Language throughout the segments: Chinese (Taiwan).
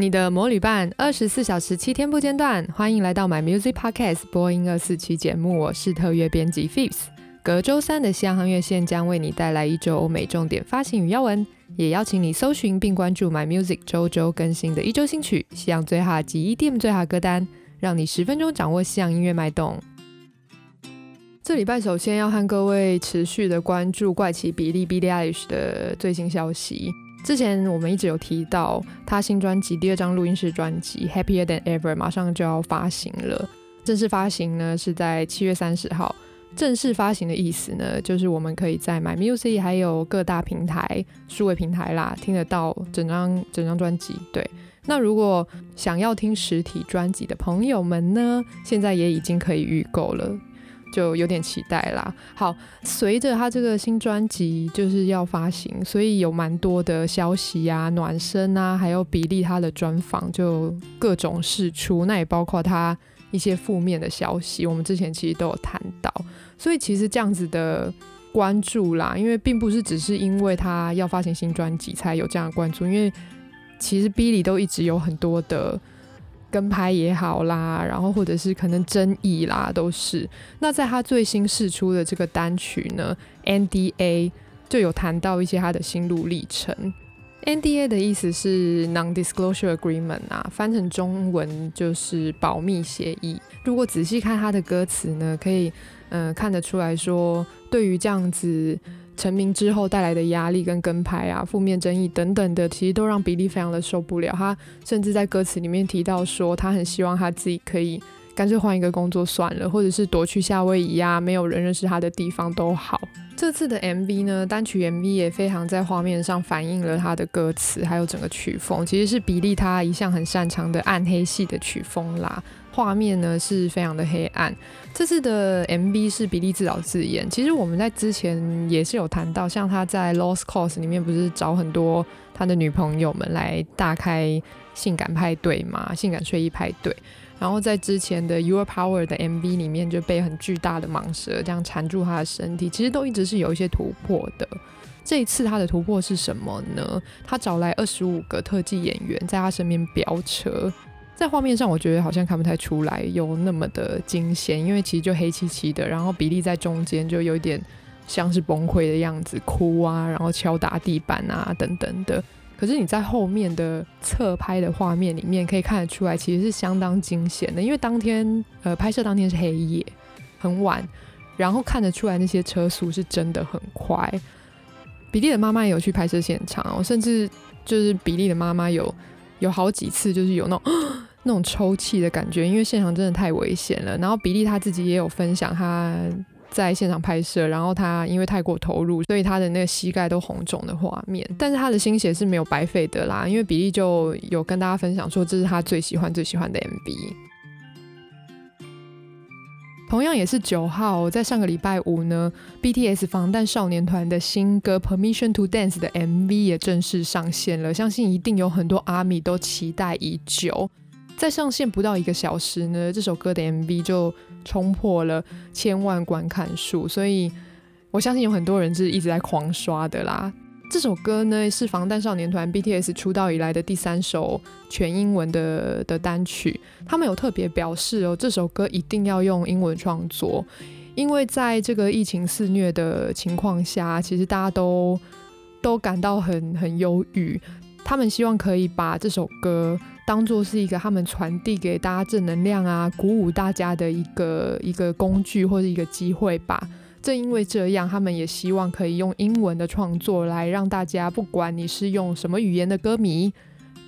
你的耳膜旅伴，二十四小時七天不間斷，歡迎來到 My Music Podcast 播音二四期節目。我是特約編輯 Pheebs。隔周三的西洋夯樂線將為你帶來一周歐美重點發行與要聞，也邀請你搜尋並關注 My Music 周周更新的一周新曲、西洋最哈及 EDM 最哈歌單，讓你十分鐘掌握西洋音樂脈動。這禮拜首先要和各位持續的關注怪奇比莉 Billie Eilish 的最新消息。之前我們一直有提到，他新專輯第二張錄音室專輯《Happier Than Ever》馬上就要發行了。正式發行呢是在七月三十號。正式發行的意思呢，就是我們可以在 My Music 還有各大平台數位平台啦聽得到整張整張專輯。對，那如果想要聽實體專輯的朋友們呢，現在也已經可以預購了。就有點期待啦。好，隨着他這個新專輯就是要發行，所以有蠻多的消息啊、暖身啊，還有比利他的專訪，就各種釋出。那也包括他一些負面的消息，我們之前其實都有談到。所以其實這樣子的關注啦，因為並不是只是因為他要發行新專輯才有這樣的關注，因為其實比利都一直有很多的。跟拍也好啦，然後或者是可能爭議啦，都是。那在他最新釋出的這個單曲呢，NDA 就有談到一些他的心路歷程。NDA 的意思是 Non-disclosure agreement 啊，翻成中文就是保密協議。如果仔細看他的歌詞呢，可以嗯、呃、看得出來說，對於這樣子。成名之後帶來的壓力跟跟拍啊、負面爭議等等的，其實都讓比利非常的受不了。他甚至在歌詞裡面提到說，他很希望他自己可以乾脆換一個工作算了，或者是躲去夏威夷啊，沒有人認識他的地方都好。這次的 MV 呢，單曲 MV 也非常在畫面上反映了他的歌詞，還有整個曲風，其實是比利他一向很擅長的暗黑系的曲風啦。畫面呢是非常的黑暗。這次的 MV 是比利自導自演。其實我們在之前也是有談到，像他在《Lost Cause》裡面不是找很多他的女朋友們來大開性感派對嘛，性感睡衣派對。然後在之前的《Your Power》的 MV 裡面就被很巨大的蟒蛇這樣纏住他的身體，其實都一直是有一些突破的。這一次他的突破是什麼呢？他找來二十五個特技演員在他身邊飆車。在畫面上，我覺得好像看不太出來有那麼的驚險，因為其實就黑漆漆的。然後比利在中間就有一點像是崩潰的樣子，哭啊，然後敲打地板啊等等的。可是你在後面的側拍的畫面裡面可以看得出來，其實是相當驚險的，因為當天呃拍攝當天是黑夜，很晚，然後看得出來那些車速是真的很快。比利的媽媽也有去拍攝現場，哦，甚至就是比利的媽媽有有好幾次就是有那種。那種抽泣的感覺，因為現場真的太危險了。然後比莉他自己也有分享，他在現場拍攝，然後他因為太過投入，所以他的那個膝蓋都紅腫的畫面。但是他的心血是沒有白費的啦，因為比莉就有跟大家分享說，這是他最喜歡最喜歡的 MV。同樣也是九號，在上個禮拜五呢，BTS 防彈少年團的新歌《Permission to Dance》的 MV 也正式上線了，相信一定有很多阿米都期待已久。在上線不到一個小時呢，這首歌的 MV 就衝破了千萬觀看數，所以我相信有很多人是一直在狂刷的啦。這首歌呢是防彈少年團 BTS 出道以來的第三首全英文的的單曲，他們有特別表示哦，這首歌一定要用英文創作，因為在這個疫情肆虐的情況下，其實大家都都感到很很憂鬱。他們希望可以把這首歌當作是一個他們傳遞給大家正能量啊，鼓舞大家的一個一個工具或者一個機會吧。正因為這樣，他們也希望可以用英文的創作來讓大家，不管你是用什麼語言的歌迷，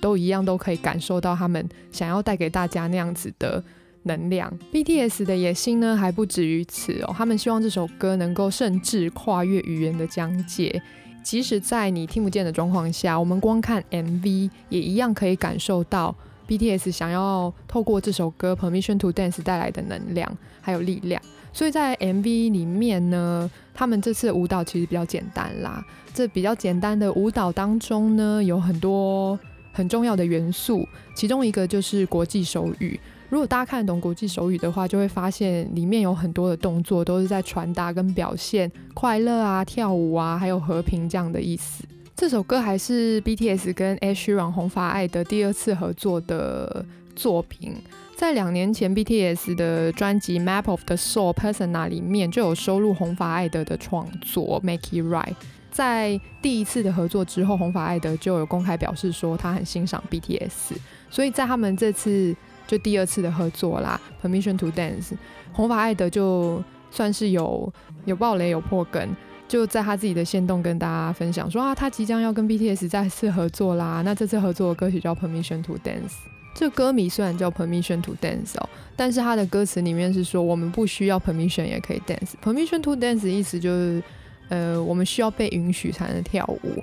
都一樣都可以感受到他們想要帶給大家那樣子的能量。BTS 的野心呢，還不止於此哦，他們希望這首歌能夠甚至跨越語言的疆界。即使在你聽不見的狀況下，我們光看 MV 也一樣可以感受到 BTS 想要透過這首歌《Permission to Dance》帶來的能量還有力量。所以在 MV 裡面呢，他們這次的舞蹈其實比較簡單啦。這比較簡單的舞蹈當中呢，有很多很重要的元素，其中一個就是國際手語。如果大家看得懂國際手語的話，就會發現裡面有很多的動作都是在傳達跟表現快樂啊、跳舞啊，還有和平這樣的意思。這首歌還是 BTS 跟 Ed Sheeran 紅髮艾德第二次合作的作品。在兩年前，BTS 的專輯《Map of the Soul: Persona》裡面就有收錄紅髮艾德的的創作《Make It Right》。在第一次的合作之後，紅髮艾德就有公開表示說他很欣賞 BTS，所以在他們這次。就第二次的合作啦，Permission to Dance，紅髮艾德就算是有有爆雷有破梗，就在他自己的限動跟大家分享說啊，他即將要跟 BTS 再次合作啦。那這次合作的歌曲叫 Permission to Dance，這歌名雖然叫 Permission to Dance 哦，但是他的歌詞裡面是說我們不需要 Permission 也可以 dance，Permission to Dance 的意思就是呃我們需要被允許才能跳舞，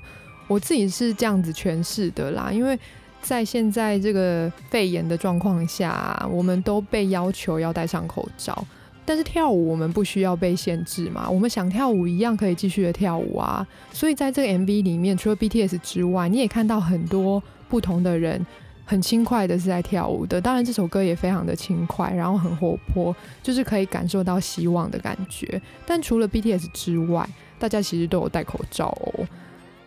我自己是這樣子詮釋的啦，因為。在現在這個肺炎的狀況下，我們都被要求要戴上口罩。但是跳舞，我們不需要被限制嘛？我們想跳舞一樣可以繼續的跳舞啊！所以在這個 MV 裡面，除了 BTS 之外，你也看到很多不同的人很輕快的是在跳舞的。當然，這首歌也非常的輕快，然後很活潑，就是可以感受到希望的感覺。但除了 BTS 之外，大家其實都有戴口罩哦。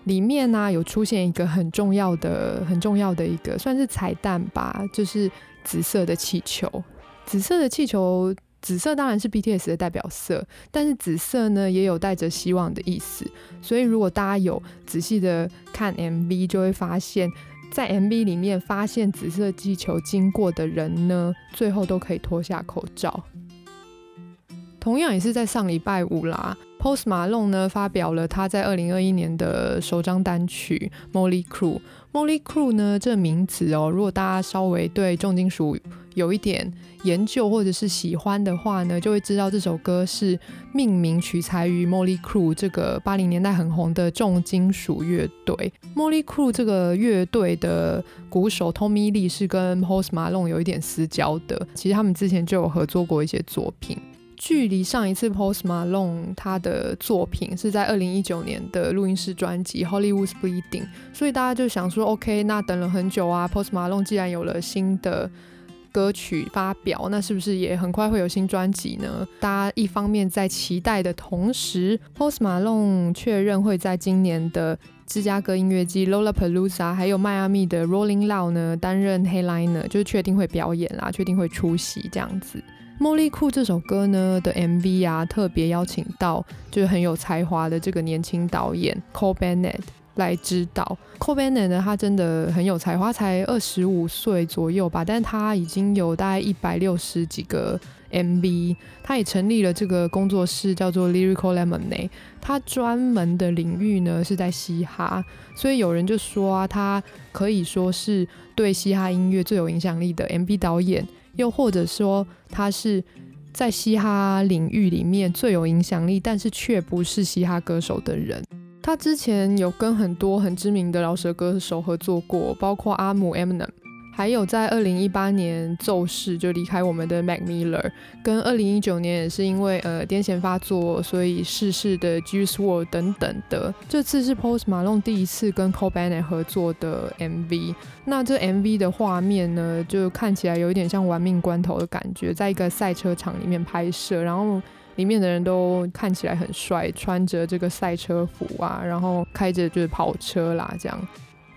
裡面呢、啊、有出現一個很重要的、很重要的一個算是彩蛋吧，就是紫色的氣球。紫色的氣球，紫色當然是 BTS 的代表色，但是紫色呢也有帶着希望的意思。所以如果大家有仔細的看 MV，就會發現，在 MV 裡面發現紫色氣球經過的人呢，最後都可以脫下口罩。同樣也是在上禮拜五啦。Post Malone 呢發表了他在二零二一年的首張單曲《Motley Crew》Crew 呢。《Motley Crew》呢這個、名字哦，如果大家稍微對重金屬有一點研究或者是喜歡的話呢，就會知道這首歌是命名取材於《Motley Crew》這個八零年代很紅的重金屬樂隊。《Motley Crew》這個樂隊的鼓手 Tommy Lee 是跟 Post Malone 有一點私交的，其實他們之前就有合作過一些作品。距離上一次 Post Malone 他的作品是在二零一九年的錄音室專輯《Hollywood's Bleeding》，所以大家就想說，OK，那等了很久啊，Post Malone 既然有了新的歌曲發表，那是不是也很快會有新專輯呢？大家一方面在期待的同時，Post Malone 確認會在今年的芝加哥音樂季《Lollapalooza》，還有邁阿密的《Rolling Loud》呢，擔任 headliner，就是確定會表演啦，確定會出席這樣子。《茉莉酷》這首歌呢的 MV 啊，特別邀請到就是很有才華的這個年輕導演 Cole Bennett 來指導。Cole Bennett 呢，他真的很有才華，才二十五歲左右吧，但他已經有大概一百六十幾個 MV，他也成立了這個工作室，叫做 Lyrical Lemonade。他專門的領域呢是在嘻哈，所以有人就說啊，他可以說是對嘻哈音樂最有影響力的 MV 導演。又或者說，他是在嘻哈領域裡面最有影響力，但是卻不是嘻哈歌手的人。他之前有跟很多很知名的饒舌歌手合作過，包括阿姆 Eminem。還有在二零一八年驟逝就離開我們的 Mac Miller，跟二零一九年也是因為呃癲癇發作所以逝世的 Juice WRLD 等等的，這次是 Post Malone 第一次跟 Cole Bennett 合作的 MV，那這 MV 的畫面呢，就看起來有一點像玩命關頭的感覺，在一個賽車場裡面拍攝，然後裡面的人都看起來很帥，穿着這個賽車服啊，然後開着就是跑車啦這樣。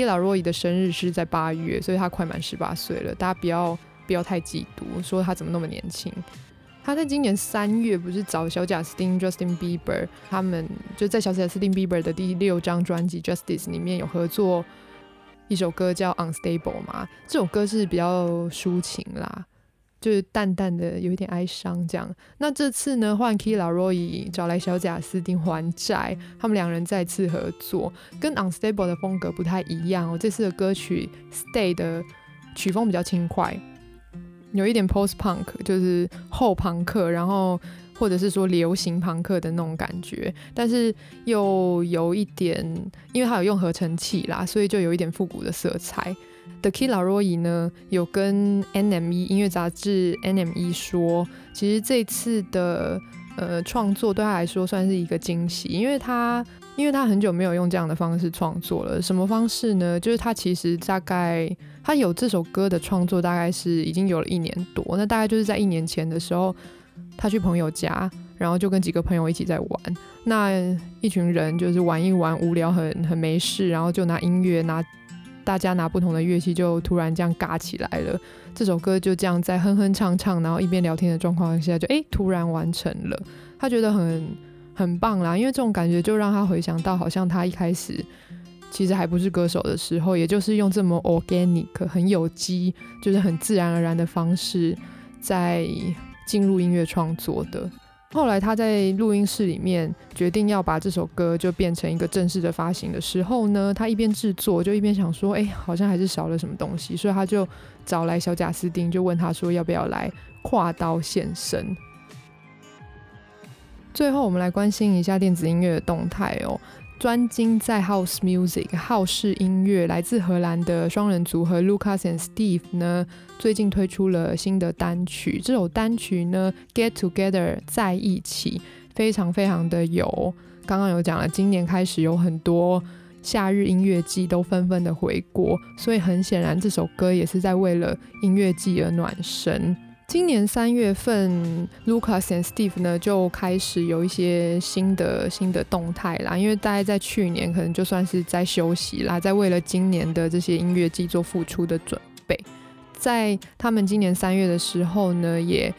Laroi 的生日是在八月，所以他快滿十八歲了。大家不要不要太嫉妒，說他怎麼那麼年輕。他在今年三月不是找小賈斯汀 （Justin Bieber） 他們就在小賈斯汀·比伯的第六張專輯《Justice》裡面有合作一首歌叫《Unstable》嘛？這首歌是比較抒情啦。就是淡淡的，有一點哀傷這樣。那這次呢，換 Kid Laroi 找來小賈斯汀還債，他們兩人再次合作，跟 Unstable 的風格不太一樣哦。我這次的歌曲《Stay》的曲風比較輕快，有一點 Post Punk，就是後朋克，然後或者是說流行朋克的那種感覺，但是又有一點，因為他有用合成器啦，所以就有一點復古的色彩。The Kid LAROI 呢，有跟 NME 音樂雜誌 NME 說，其實這次的呃創作對他來說算是一個驚喜，因為他因為他很久沒有用這樣的方式創作了。什麼方式呢？就是他其實大概他有這首歌的創作，大概是已經有了一年多。那大概就是在一年前的時候，他去朋友家，然後就跟幾個朋友一起在玩。那一群人就是玩一玩，無聊很很沒事，然後就拿音樂拿。大家拿不同的樂器，就突然這樣尬起來了。這首歌就這樣在哼哼唱唱，然後一邊聊天的狀況下就，就誒突然完成了。他覺得很很棒啦，因為這種感覺就讓他回想到，好像他一開始其實還不是歌手的時候，也就是用這麼 organic 很有機，就是很自然而然的方式，在進入音樂創作的。後來他在錄音室裡面決定要把這首歌就變成一個正式的發行的時候呢，他一邊制作就一邊想說，哎、欸，好像還是少了什麼東西，所以他就找來小賈斯汀，就問他說要不要來跨刀獻聲。最後我們來關心一下電子音樂的動態哦、喔。專精在 House Music，House 音樂，來自荷蘭的雙人組合 Lucas and Steve 呢，最近推出了新的單曲，這首單曲呢 Get Together 在一起，非常非常的有。剛剛有講了，今年開始有很多夏日音樂季都紛紛的回鍋，所以很顯然這首歌也是在為了音樂季而暖身。今年三月份，Lucas and Steve 呢就開始有一些新的新的動態啦。因為大家在去年可能就算是在休息啦，在為了今年的這些音樂季做付出的準備。在他們今年三月的時候呢，也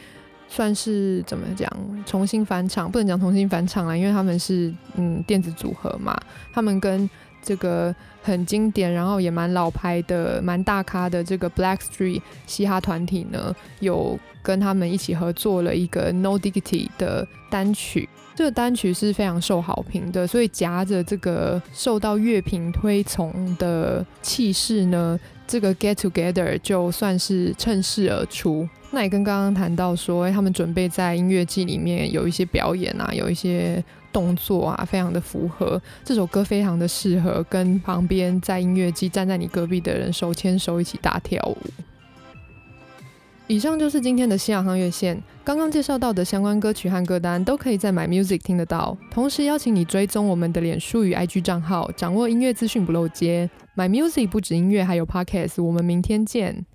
算是怎麼講重新返場，不能講重新返場啦，因為他們是嗯電子組合嘛，他們跟。這個很經典，然後也蠻老牌的，蠻大咖的這個 Blackstreet 嘻哈團體呢，有跟他們一起合作了一個 No Diggity 的單曲。這個單曲是非常受好評的，所以夾着這個受到樂評推崇的氣勢呢，這個 Get Together 就算是趁勢而出。那也跟剛剛談到說，欸，他們準備在音樂祭裡面有一些表演啊，有一些。動作啊，非常的符合。這首歌非常的適合跟旁邊在音樂祭站在你隔壁的人手牽手一起大跳舞。以上就是今天的西洋夯樂線，剛剛介紹到的相關歌曲和歌單都可以在 MyMusic 聽得到。同時邀請你追蹤我們的臉書與 IG 賬號，掌握音樂資訊不漏接。MyMusic 不止音樂，還有 Podcast。我們明天見。